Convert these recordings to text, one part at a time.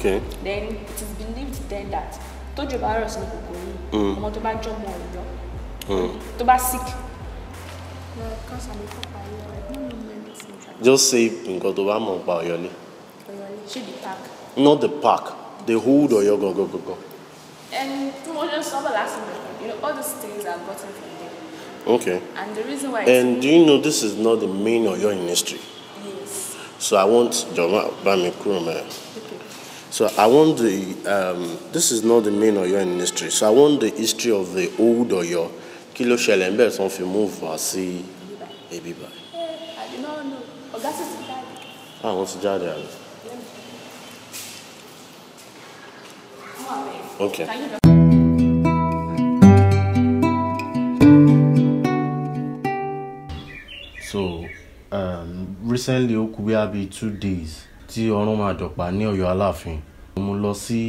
Okay. Then it is believed then that tójú bá rọ̀ sínú ọmọ tó bá ọ̀yọ́ mm. tó bá sick. Just say nǹkan tó bá mọ̀ pa Ọ̀yọ́ the park. Not the park, the hood or gangan go And to mo just sọ́bà láti mọ̀, you know all these things are gotten from Okay. And the reason why. And do you know this is not the main or your industry? Yes. So I want Jọ̀wọ́ Bámi Kúrò mẹ́rin. So I want the, um, this is not the main Oyo in history, so I want the history of the old Oyo. Kí ló ṣẹlẹ̀ ń bẹ̀rẹ̀ tí wọ́n fi move wá sí ibi báyìí. Ah, Ọ̀gá sì ti jáde. Àwọn ti jáde àná. Okay. So, um, recently, ó kù bí two days tí ọrùn máa dọ̀pá ní Ọ̀yọ́ Aláàfin mo lọ sí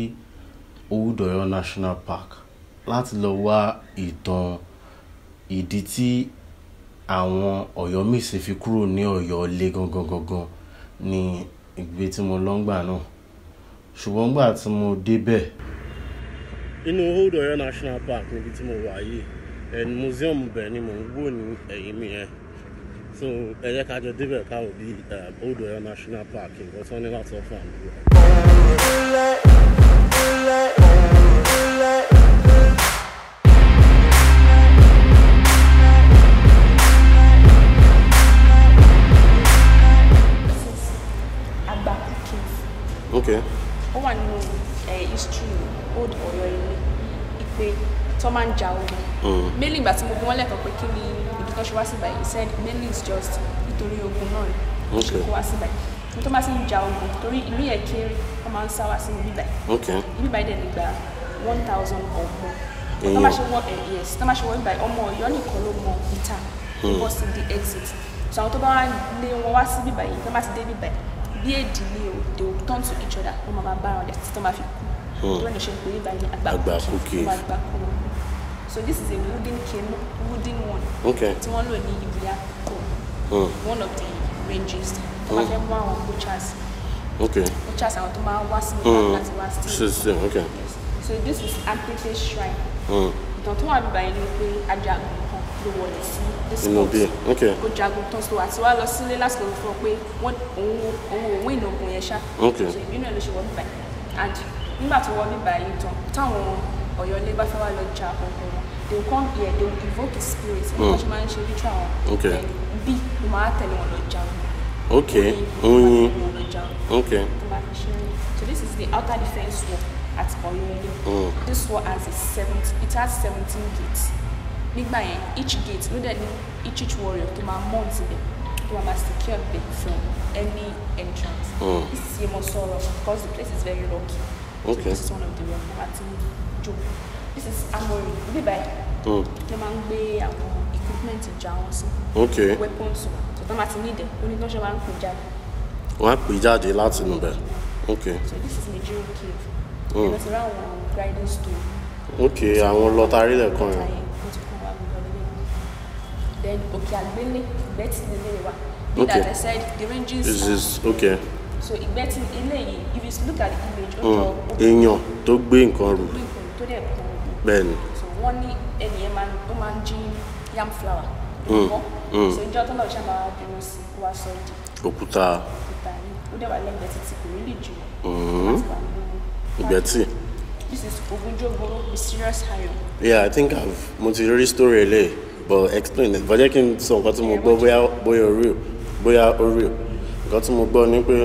Owódọ̀yọ́ National Park láti lọ wá ìtàn ìdí tí àwọn Ọ̀yọ́mèsì fi kúrò ní Ọ̀yọ́ ilé gangan gangan ní ìgbé tí mo lọ ń gbà náà ṣùgbọ́n gbà tí mo débẹ̀. inú Owódọ̀yọ́ National Park níbi tí mo wà yìí ẹ̀ museum bẹ̀ ni mò ń wò ní ẹ̀yìn mi yẹn so ẹ ká jọ débẹ̀ ká wò Old Oyo National Park nǹkan tí ní láti ọ̀fọ̀ àdúgbò. Okay. ó wà nínú history Old Oyo ilé ìpè tó máa ń ja ogun mm. mainly ìgbà tí mo bí wọ́n lẹ́kọ̀ọ́ pé kí ni ìdí kan ṣe wá síbà yìí said mainly it's just nítorí ogun náà ni ṣe kó wá síbà yìí tó máa ti ń ja ogun torí ìlú yẹn kéré wọ́n máa ń sá wá sí ibi báyìí ibi báyìí dẹ̀ nígbà one thousand or more tó máa mm. ṣe wọ eh, yes tó máa ṣe wọ ibà ọmọ Ọ̀yọ́ nìkan ló mọ ìta mm. bọ́ sí the exit so àwọn tó bá wá lé wọn wá sí ibi báyìí tó máa ti dé ibi báyìí bí èdè ni o they will turn to each other wọ́n máa bá wọn lẹ̀ títí tó máa fi kú tó bẹ́ẹ̀ ló so this is a wooden cane wooden one okay tí wọ́n lò ní Ìbílẹ̀ Àkókò hmm. one of the ranges tó bá hmm. fẹ́ mú àwọn coaches okay coaches àwọn tó máa wá sí ní hmm. láti wá sí okay so this is Ampete shrine ìtàn tó wà ní báyìí ni pé ajagun kan ló wọlé sí this point ó jagun tán so àti wá lọ sílé lásìkò fún ọ pé òun òun ìnàkùn yẹn ṣá so ìbínú ẹ ló ṣe wọ bíbáyìí and nígbà tó wọ bíbáyìí tán táwọn Ọ̀yọ́ ilé bá fẹ́ wá lọ ja ọkọ wọn they will come here they will evoke his spirit nípa and máa ń ṣe ritual wọn okay bí mo máa tẹ̀lé wọn lọ jagun okay oyin hmm. okay so this is the outer defense wall at Oyoele mm. this wall has a seventeen it has seventeen gates nígbà each gate ló dẹ̀ each each warrior to my mount ibẹ̀ tó máa secure them from any entrance mm. this is Yemosoro because the place is very rocky okay so this is one of the rock parts in Mrs. Amori bí báyìí ló máa ń gbé àwọn equipment ìjà wọn sí weapons so tó tán máa ti ní ìdẹ oníkanṣẹ máa ń pè jáde. wọ́n á pè jáde láti inú bẹ̀. okay. so this is Nigerian cave. ẹ̀rọ ti rá àwọn grinding stone. okay àwọn lọ́tàrí lẹ́ẹ̀kan yẹn. then òkè àgbélé ìgbẹ́tì nílé wa. okay that I the ranges. This is this um, okay so ìgbẹ́ tí ilé yìí if you look at the image ó hmm. jọ èèyàn tó gbé nǹkan rù bẹ́ẹ̀ni so wọ́n ní ẹni yẹn ó máa ń jí yam flour ìmọ̀ mm, mm. so ìjọ tó náà ṣe máa dúró sí wá sọ ìdí òkúta òkúta yìí ó dẹ̀ wà lẹ́gbẹ̀ẹ́ títí kò rí lè jù mm-hmm. ìgbẹ́tì. this is ogunjogboro mysterious iron. yeah i think i've mo ti rí story ẹ̀ lẹ́yìn but explain it bọ́jẹ́ kí n sọ nǹkan tí mo gbọ́ bóyá bóyá o real bóyá o real nǹkan tí mo gbọ́ ni pé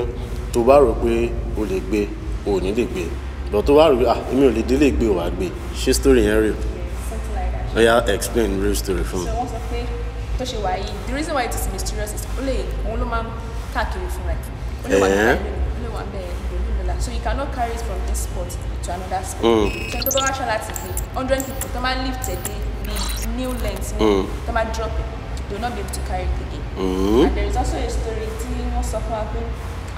tó bá rò pé o lè gbé o ò ní lè gbé but to wá rí ah èmi ò lè délé gbé wàá gbé ṣé story yẹn rí o oya explain real story fún mi. so wọ́n sọ pé tó ṣe wà yìí the reason why it is mysterious is ó lè òun ló máa ń káàkiri fún like ó lè wà eh? bẹ́ẹ̀ ó lè wà bẹ́ẹ̀ lòlúlòlá so you cannot carry it from this spot to another spot. ṣe mm. tó bá wá ṣọlá ti fi hundred people tó máa lift ẹ̀ dé new length mm. tó máa drop it they will not be able to carry it again. Mm. and there is also a story tí wọ́n sọ fún wa pé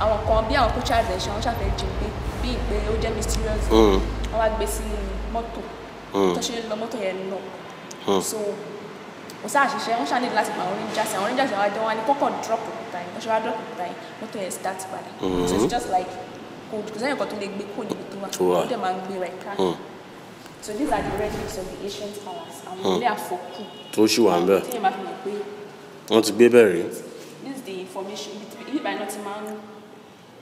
àwọn kan bí àwọn kúchà rẹ̀ ṣe wọ́n ṣàfẹ́ jí gbé bí ìpè ó jẹ́ mysterious hmm. wọ́n wá gbé sí mọ́tò hmm. tó ṣe lọ mọ́tò yẹn náà hmm. so kò sáà ṣiṣẹ́ wọ́n ṣàní láti pa àwọn oníjàsí àwọn oníjàsí àwọn àjọ wa ni kọ́kọ́ drop òkúta yẹn ọṣọ wa drop òkúta yẹn mọ́tò yẹn start padà so it's just like kò kò sẹ́yìn kan tó lè gbé kò níbi tó wà ó dẹ̀ máa ń gbé right ká so these are the relics of the ancient palace àwọn ilé àfọkù tó ṣì wà ń bẹ̀ tí yẹn máa fi mọ̀ pé wọ́n ti gbé bẹ̀rẹ̀ this is the information ibi báyìí náà ti máa ń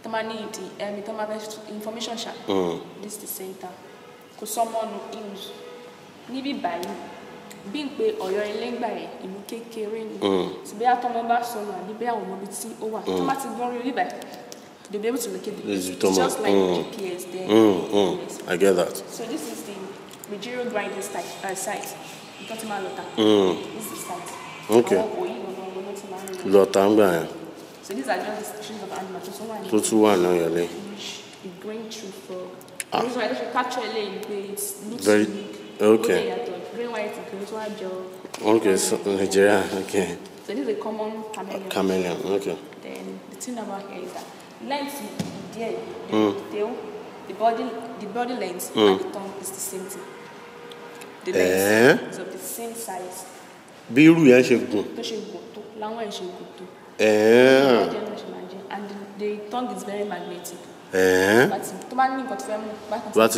tó máa ní ìdí ẹ̀mí tó information ṣá mm. this center kò sọmọnù hills níbí báyìí bí n pe Ọ̀yọ́ ẹlẹgbà ẹ ìlú kékeré ni mm. tìbí àtọmọ bá sọnù àbí bẹ àwọn ọmọbi tí ó wà tó mm. ti gbọ́n rí bíbá they be able to locate the place just like mm. GPS there. Mm, mm. I get that. So this is the Majiro grinding site, uh, site. Ìtọ́tí máa Mm. This is site. Okay. Àwọn òyìnbó yẹn. So these are just descriptions of animals. So someone so two one now you're like growing true frog. Ah. This one actually capture it looks very unique. okay. Green white green white job. Okay, so Nigeria, okay. So this is a common chameleon. Chameleon, okay. Then the thing about here is that length the hmm. tail, the body the body length mm. and the tongue is the same thing. The length eh? is of the same size. Bí irú yẹn ṣe gùn. Tó ṣe gùn tó, láwọn ẹ̀ ṣe gùn tó. Ẹ̀ẹ́ eh, tongue is very magnetic. ẹ̀ẹ́n. tó bá ní nǹkan tó fẹ́ mú bá kan. tó bá so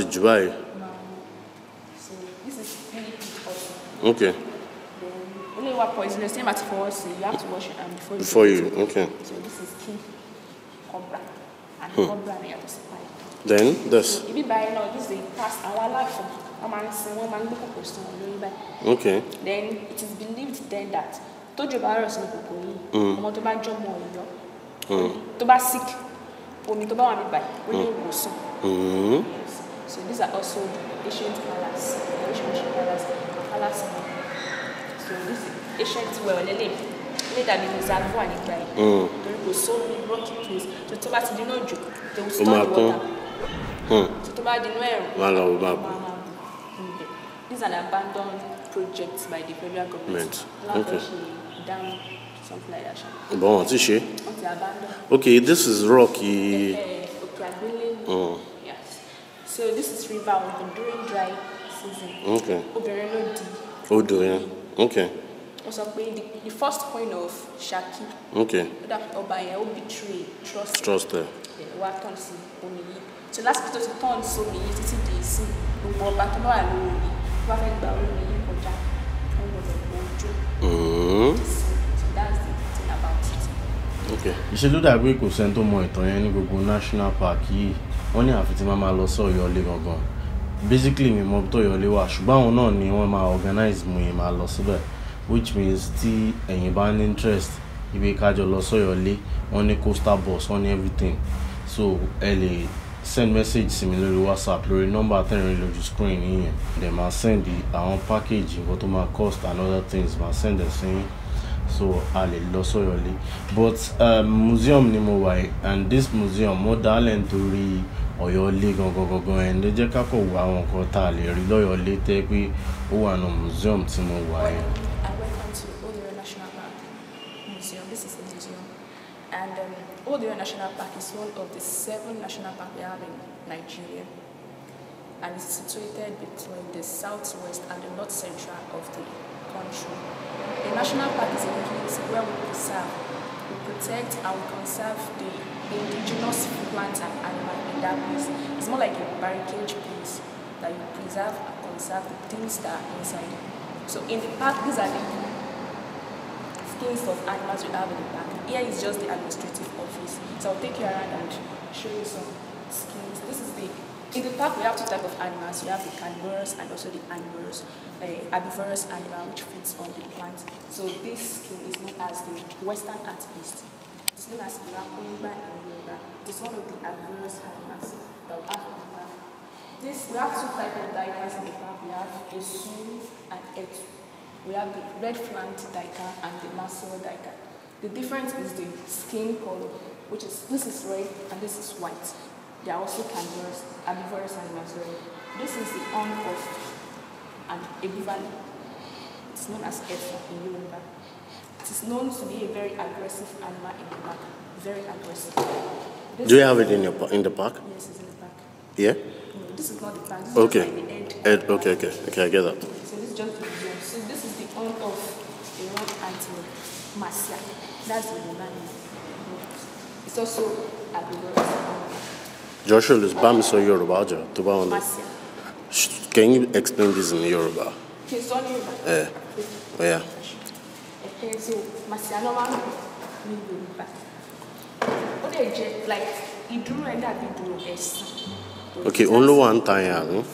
this is really good also. okay. o lè wa poisonous same as for us you have to wash your hand before you. before you okay. so this is king cobra and hmm. cobra ni yàtọ̀ sí pie. then this. ibi báyìí náà this dey pass àwọn aláàfin wọn máa ń sin wọn máa ń gbé kòkò sí wọn lórí okay. then it is believed then that tójú bá rọ̀ sí kòkò yìí hmm. ọmọ tó bá hmm. sick omi tó bá wà níbàá ó ní ìwòsàn. Mm. Mm. so these are also ancient palace Ancient palace palace mi so this ancient well lélẹ̀ ilé dàbí reservoir nígbà yìí mm. torí kò sómi rocky place tó tó bá ti dínú òjò they will store the water tó hmm. tó bá dínú ẹ̀rùn wọn lọ bá bọ̀ these are the abandoned projects by the federal government. okay. Bon, ti ṣe. It's Okay, this is rocky. Uh, eh, okay, Mm. Yes. So this is river Ogun during dry season. Okay. Obìnrin ló di. Odò yẹn. Okay. Ó the the first point of Ṣakí. Okay. Ọba yẹn ó betray trust. Trust ẹ. Wà á tàn sí omi So lásìkò tó ti tàn sí omi yìí títí di ìsìn gbogbo ọba tó bá wà lórí omi tó bá fẹ́ gba omi yìí kọjá ó gbọdọ̀ Okay. ló dàbí kò sẹ́ni tó mọ ìtàn yẹn ní gbogbo national park yìí wọ́n ní àfi tí máa máa lọ sí ọ̀yọ́lé gangan basically mi mọ tó ọ̀yọ́lé wà ṣùgbọ́n àwọn náà ni wọ́n máa organize mo yẹn máa lọ síbẹ̀ which means tí ẹ̀yin bá ní interest ibi kájọ lọ sí ọ̀yọ́lé wọ́n ní coastal bus wọ́n ní everything so ẹ lè send message sí mi lórí whatsapp lórí nọ́mbà tẹ̀rín lójú screen yìnyẹn dem máa send àwọn package nǹkan tó máa cost and other things máa send ẹ̀ sí yín. so a lè lọ Sọ́yọ̀lé but um, museum ni mo wà and this museum mo dálẹ̀ nítorí Ọ̀yọ́lé gangan gangan ẹ̀ ló jẹ́ ká kọ̀ wá àwọn nǹkan tá a lè rí lọ́yọ̀lé tẹ́ pé ó wà ní museum tí mo wà ẹ̀. And um, Odero National Park is one of the seven national parks we have in Nigeria. And it's situated between the southwest and the north central of the country. The national park is a place where we preserve, we protect and we conserve the indigenous plants and animals in that place. It's more like a barricade place that you preserve and conserve the things that are inside. So in the park, these are the skins of animals we have in the park. Here is just the administrative office. So I'll take you around and show you some skins. This is in the park, we have two types of animals. We have the carnivorous and also the animals, uh, eh, herbivorous animal, which feeds on the plants. So this is known as the western ant beast. It's known as Irakumba and It's one of the herbivorous animals that we have in the This, we have two types of divers in the park. We have a sun and etu. We have the red plant diker and the muscle diker. The difference is the skin color, which is this is red and this is white. They are also carnivorous, herbivorous animals. Sorry. This is the horn of an ebival. It's known as efa in Yoruba. It is known to be a very aggressive animal in the park. Very aggressive. This Do you have it in your in the park? Yes, it's in the park. Yeah. No, this is not the park. This okay. Like Ed, okay, okay, okay. I get that. So this is just the museum. So this is the horn of a rock antelope, Marcia. That's the Romanian. It's also a Joshua bá mi sọ Yorùbá ọjọ́ tó bá wọn Can you explain this in Yorùbá? Kì í sọ ní Yorùbá. Ẹ ọ̀ya. Ẹ̀kẹ́ Okay, only one time, ń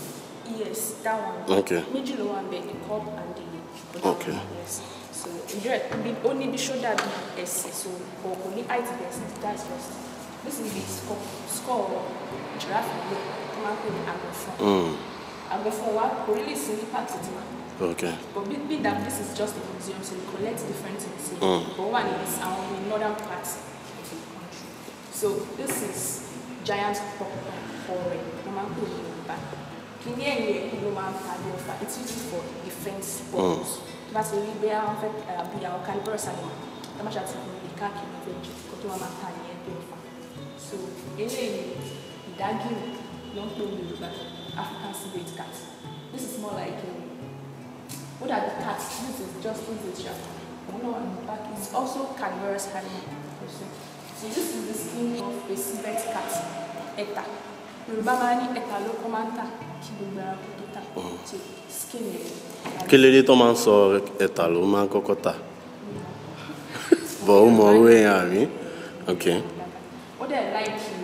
Yes, that one. Okay. Méjì ló wà the cup and the Okay. Yes. So ìdúró ẹ̀ only bí ṣó dàbí ẹ̀sìn so dabi that's just. bó sì níbi skọ́ giraffe yìí tó máa ń pè ní agbọ̀fọ̀ mm. agbọ̀fọ̀ wa kò rí lè Okay. But being be that this is just a museum, so we collect different things Mm. But one is our northern part of the country. So this is giant quarry, Mamako Yoruba. Kini ẹ̀yẹ ló máa ń parí ọ̀fà. It's used for different sports. Mm. Tó bá ti rí bí àwọn fẹ́ bí àwọn carnivorous animal, tó bá ṣàtìlẹ́yìn so eléyìí ìdágìrì ló ń pè ní african civet cat this is more like um, what are the cats this is just this is sharp òun náà in back is also carnivorous animal also so this is the skin of a civet cat ẹ̀ta yorùbá máa ní ẹ̀ta ló kọ́ máa ń tà kí gbogbo ara kò tó tà mm. so skin yẹn. kí tó máa ń sọ ẹ̀ta ló máa ń kọ́kọ́ tà mm. bọ̀ ó mọ owó ẹ̀yàn àmì okay dẹ̀ láìkì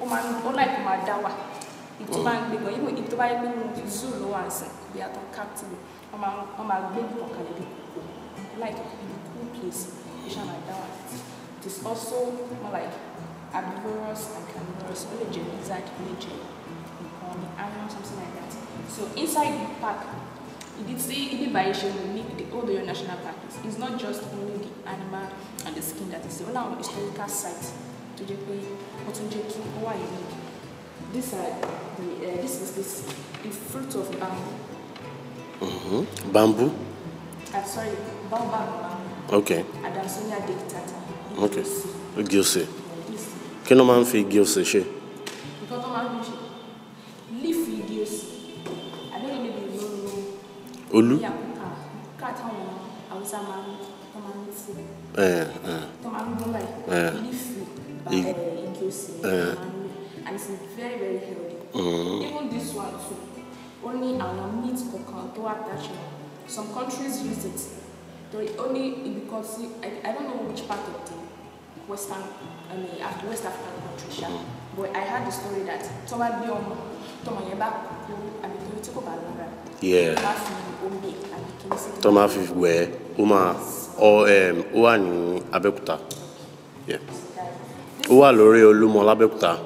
ó máa ń ó láìkì máa dá wà ibi tó bá ń gbé gan yíbo ibi tó bá yẹ pé mo fi zoo ló wà sìn ibi àtọ captive wọn máa wọn máa gbé ìbọn kalẹ̀ bí like in cool place ó ṣàn máa dá wà it is also more like herbivorous and carnivorous ó lè jẹ lizard ó lè jẹ nǹkan ní iron something like that so inside the park ìdí tí ibi ìbáyé ṣe unique the old Oyo National Park is not just only the animal and the skin that is there ó láwọn historical sites tó jẹ́ pé wọ́n tún jẹ́ kí ó wà yìí these are the uh, this is this the fruit of bamboo. Mm-hmm. bamboo. uh, sorry baobab bamboo. okay. adasonia dictata. okay igi osè. kí ló máa ń fi igi ṣe. nǹkan tó tó attachment some countries use it torí ó ní ibi kan sí i don't know which part of the western I mean, west african country ṣá mm. but i heard the story that tó bá gbé ọmọ tọmọ yẹn bá Yeah. àbí torí tí kò bá lọ́ra bá fi omi àbí kí n sí. tó máa fi wẹ̀ ó máa ọ ó wà ní abẹ́òkúta Yeah. wà lórí olúmọ lábẹ́òkúta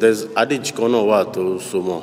there's adage kan náà wà tó so mọ́.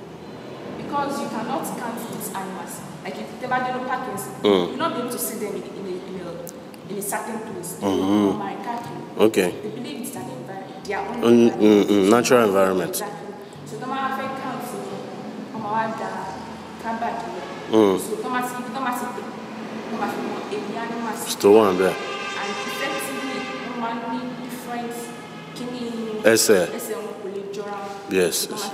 because you cannot count these animals. Like if the Badeno packings, mm. you're not able to see them in, in, a, in, a, in a certain place. Mm-hmm. My cattle. Okay. They believe it's an environment, their own mm, mm, environment. Mm, mm, natural environment. Exactly. So the man affect counts on our cabin. Mm. So Thomas, if Thomas is Thomas, if the animals. Still one there. And effectively, one different kidney. Essay. Essay Yes. yes.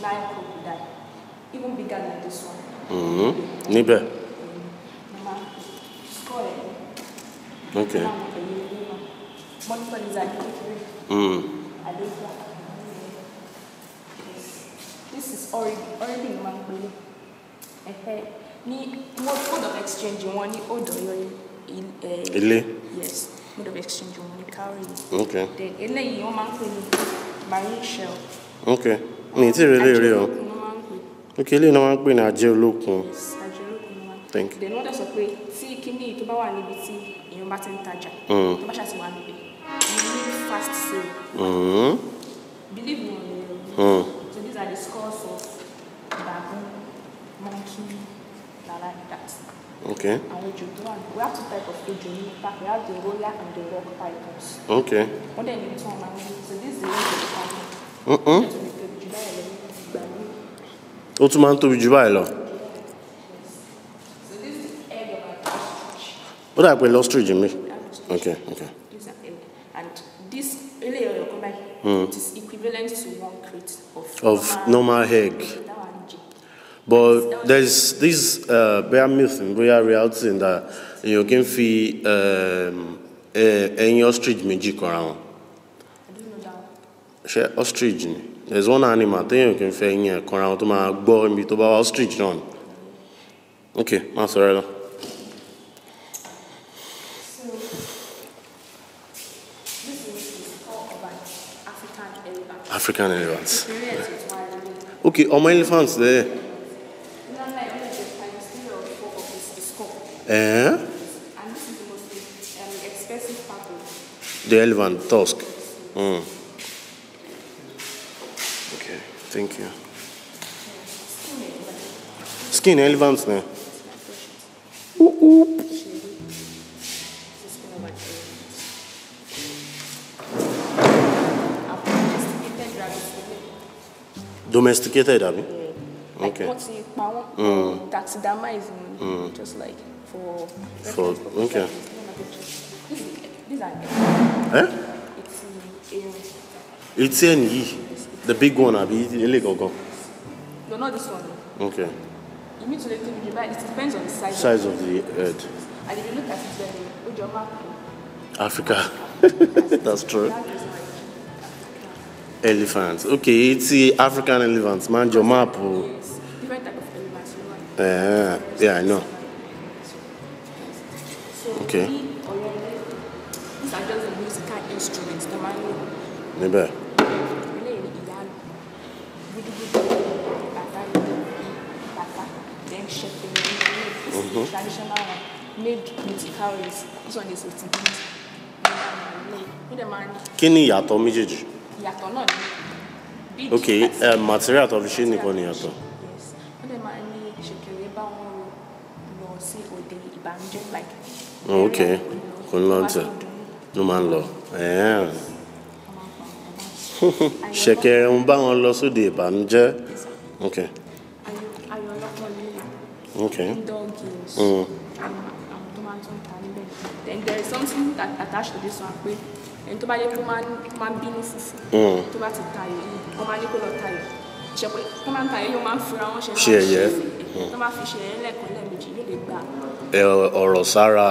live crocodile, even bigger than this one. Mm-hmm. Níbẹ̀. Mama, score Okay. Monitor is at Mm. This is already already in Mangoli. Ni mode of exchange you want? ni odo yori eh, ilé. Yes, mode of exchange you want? ni cowrie. Okay. Then eléyìí You want ń marine shell. Okay. mi ì tí ì relé rí o ok eléyìí náà wọ́n ń pè ní ajé olókun thank Then dènà ọ̀dọ̀ sọ pé tí kíní tó bá wà níbi tí èèyàn bá ti ń tajà mm. tó bá ṣàti wà níbẹ̀ you need fast sale. Mm-hmm. believe me on mm. so these are the scores of baboon monkey lala that. Okay. And we do one. We have two types of ejò in the We have the roller and the rock pythons. Okay. What then you turn around. So this is the way to the farm. Mm-mm. ó tún máa ń tóbi jù báyìí lọ. ó dà pé okay okay. and this ilé ọ̀yọ́ kan báyìí. Hmm. it is equivalent to one crate of. of normal egg. But there's this uh, myth and bare reality in that you can fi um, uh, any ostrich méjì around. ra I don't know that. ostrich There's one animal téèyàn kì í fẹ́ yín ẹ̀ kanra wọn tó máa gbọ́ ibi tó bá wá ostrich náà ni ok má sọ̀rọ̀ ẹ lọ. African elephants. Yeah. Okay, ọmọ elephants there. Eh? The elephant tusk. Mm. Thank you. Skin elephants, ne? Oop, Domesticated, I mean? Mm. Like okay. once power, mm. taxidermizing, mm. just like for. For, okay. These Eh? It's in. It's in. The big one, Abi, illegal go. No, not this one. Okay. You mean to let me buy. It depends on the size. Size of the earth. And if you look at it, then your map. Africa. That's true. Elephants. Okay, it's the African elephants. Man, your map. Oh. Different type of elephants. Yeah, uh-huh. yeah, I know. Okay. These are just the musical instruments, the mango. Maybe. -hmm. traditional one made with cowries this one is with meat kí ni ìyàtọ̀ méjèèjì. ìyàtọ̀ náà ni. ok uh, material tó fi ṣe nìkan ni ìyàtọ̀. ó dẹ̀ máa ní ṣèkèrè bá wọn lọ sí òde ìbànújẹ́ like. Oh, ok kò ń lọ tẹ ló máa ń lọ eh. ṣẹkẹrẹ ń bá wọn lọ sóde ìbànújẹ́ ok. ayọ̀ ọlọ́pàá líle. ok. ń Mm. àwọn tó then there is something that attached to this one pé ẹni tó bá yẹ kó máa ń bínú fùfù mm. tó bá ti ta èyí wọ́n máa ń kó lọ ta èyí ìṣẹ̀pẹ̀ tó máa ń ta èyí ó máa ń fura wọ́n ṣe máa ń ṣe èyí mm. tó máa fi ṣe ẹ̀yìn lẹ́ẹ̀mejì yóò lè gba ọ̀rọ̀ sára.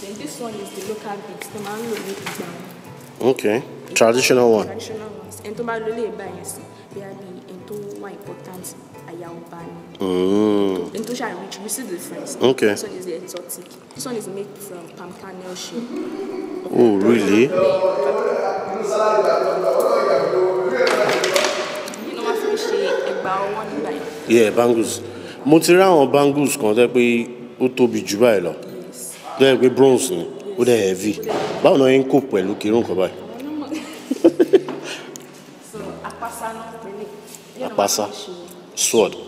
then this one is the local beat tó máa ń lò ní ìgbà wọn. okay traditional one. traditional ones ẹni tó bá lọ lè bá yẹn sí bí i ẹni tó wà important. Yao Mm. In Tosha and Rich, we see the difference. Okay. This one is the exotic. This one is made from palm kernel shell. Oh, really? You know what I'm saying? Yeah, bangles. Mo ti rí àwọn bangles kan tẹ́ pé ó tóbi jù báyìí lọ. Tẹ́ pé bronze ni, ó dẹ̀ heavy. Báwo ni wọ́n ń kó pẹ̀lú kírun kan báyìí? Apasa sword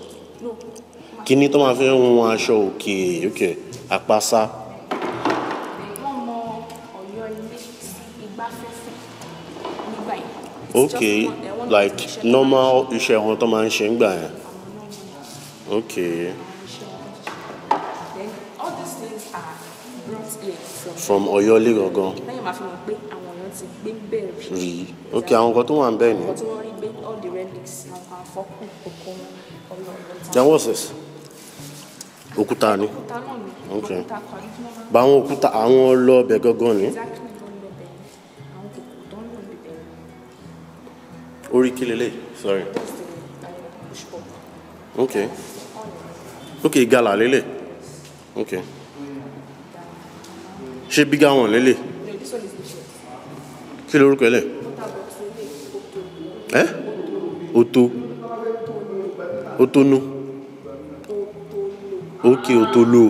kíní tó máa fi ń hun aṣọ òkè òkè àpáṣá. okay eh, like normal iṣẹ́ wọn tó máa ń ṣe ń gbà yẹn okay. from Ọ̀yọ́ lagos gan. lẹ́yìn máa fi rí ok àwọn nǹkan tó wà ń bẹ̀ ni. Then what's this? Òkúta ni. Okay. Bá àwọn òkúta lo ọlọ́ọ̀bẹ gángan ni. Orí kí lélẹ̀? Sorry. Okay. Okay, gala lélẹ̀. Okay. Ṣé bíga wọn lélẹ̀? Kí lorúkọ ẹ Eh? Ẹ́? Oto. Otonu òkè òtòlò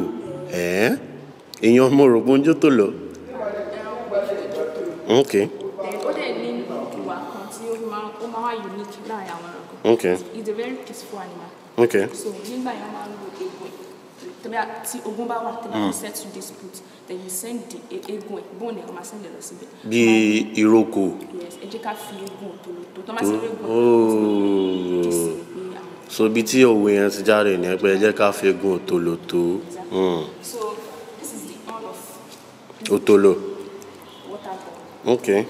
ẹ̀ẹ́n èèyàn ọmọ òrògbò ń jó tó lọ. ok. ó ok. it's a very hmm. e, yes so ibi tí òwe yẹn ti jáde ní ẹgbẹ́ jẹ́ ká fi gun òtòlò tó. òtòlò. water gun. okay.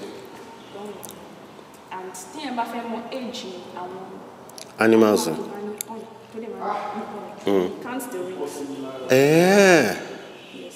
and tí yẹn count the rings. ẹ̀ẹ́. yes.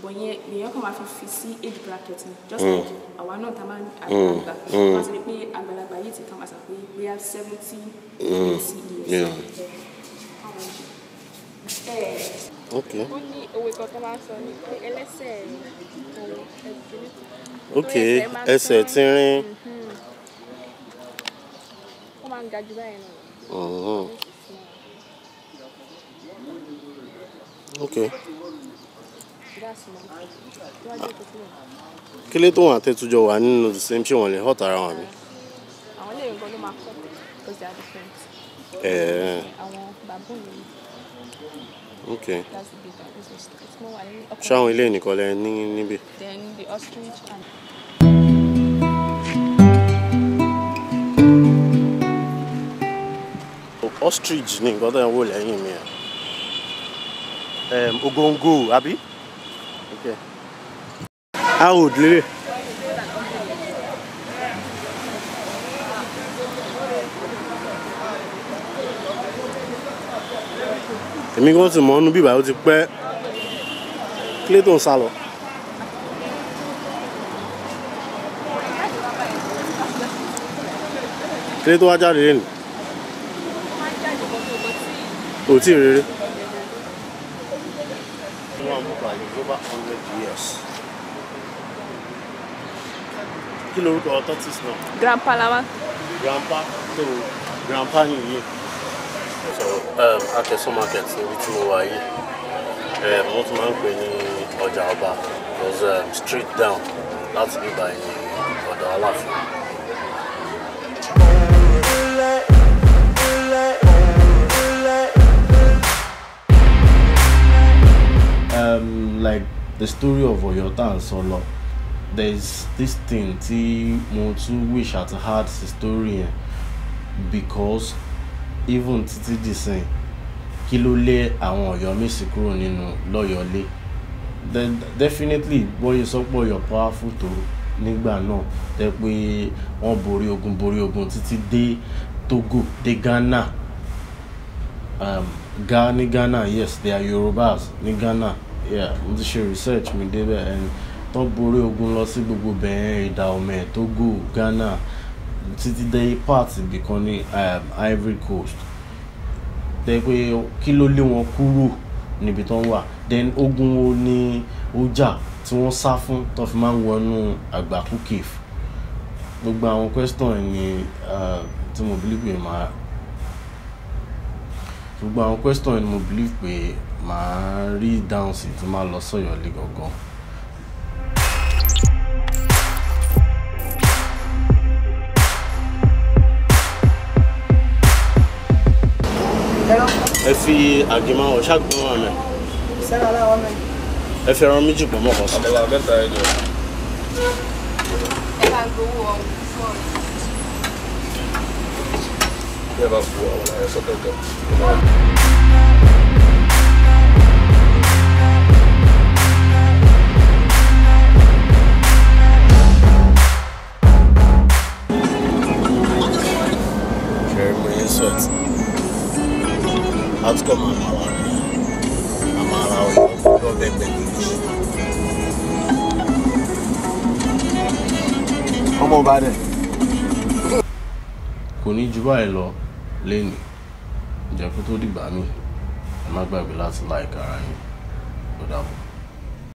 but yẹn yẹn kàn máa fi fi bracket just mm. like àwa náà ta máa ń mm. àgbà mm. wọ́n ti rí pé àgbàlagbà yìí ti kàn máa sàpé bóyá seventy mm. eighty years. Okay. Ó ní òwe kan tó ẹsẹ̀ tínrín. Mm-hmm. Ó mm-hmm. okay kílé tó wọn àtẹ̀tújọ wà nínú the same ṣé wọn lè hot ara wọn àbí. àwọn lè nǹkan ló máa kọ́ because they are different. Eh. àwọn bàbá mi. ok ṣé àwọn ilé nìkan lẹ ní níbí. then the ostrich and. ostrich ni nǹkan tó ń wò lẹ́yìn mi ẹ̀ ogóńgò àbí. How old lele? Èmi kan ti mọ̀ ọ́nú bíbá ó ti pẹ́ Clayton sá lọ. Clayton wá jáde lẹ́nu. Kò tí ì rere kí lorúkọ tortoise náà. grandpa lawa. grandpa so grandpa nìyí. so um, Akẹ̀sán market níbi tí mo wà yìí um, wọ́n tún máa ń pè ní ọjà ọba because um, street down láti bíbá ẹni ọ̀dọ̀ aláàfin. Um, like the story of Oyo tá à there is this thing tí mo tún wish àti had sí story yẹn because even títí dìsìn kí ló lé àwọn Ọ̀yọ́ Mèsì kúrò nínú lọyọlé then definitely bóyá sọpọ Ọ̀yọ́ powerful tó Nigba, náà tẹ pé wọ́n borí ogun borí ogun títí dé Togo dé Ghana um, ga ní Ghana yes they are Yorubas ní Ghana yeah mo ti ṣe research mi débẹ̀ and tó borí ogun lọ sí gbogbo bẹ̀rẹ̀ ìdá ọmọ ẹ̀ Togo Ghana títí dé part ibìkan ní um, Ivory Coast tẹ́ pé kí ló lé wọn kúrò níbi tó ń wà then ogun wo ni ó jà tí wọ́n sá fún tó fi máa ń wọnú àgbákù cave gbogbo àwọn question ni um, tí mo believe pé màá gbogbo àwọn question ni mo believe pé màá rí dáhùn sí tí màá lọ sọ̀yọ́ lé gangan. ẹ fi àgìmọ̀ ọ̀ ṣàgbọ́n wa mẹ́. sẹ́ra aláwọ̀ mẹ́. ẹ fi ẹran méjì pọ̀ mọ́ kan sí. àbẹ̀là mẹ́ta ẹ jọ. ẹ bá gbowó ọ̀hún fún ọ. bí ẹ bá fún àwọn àyẹ̀sọ́ kẹ̀kẹ́. Sweat outcome àwọn àwọn àwọn ara ọ̀rọ̀ bẹ́ẹ̀ ọmọ ọba dẹ. kò ní ju lo, lọ lẹ́nu ìjẹ́kú di dìgbà mí ẹ má gbàgbé láti láìka ara yín ó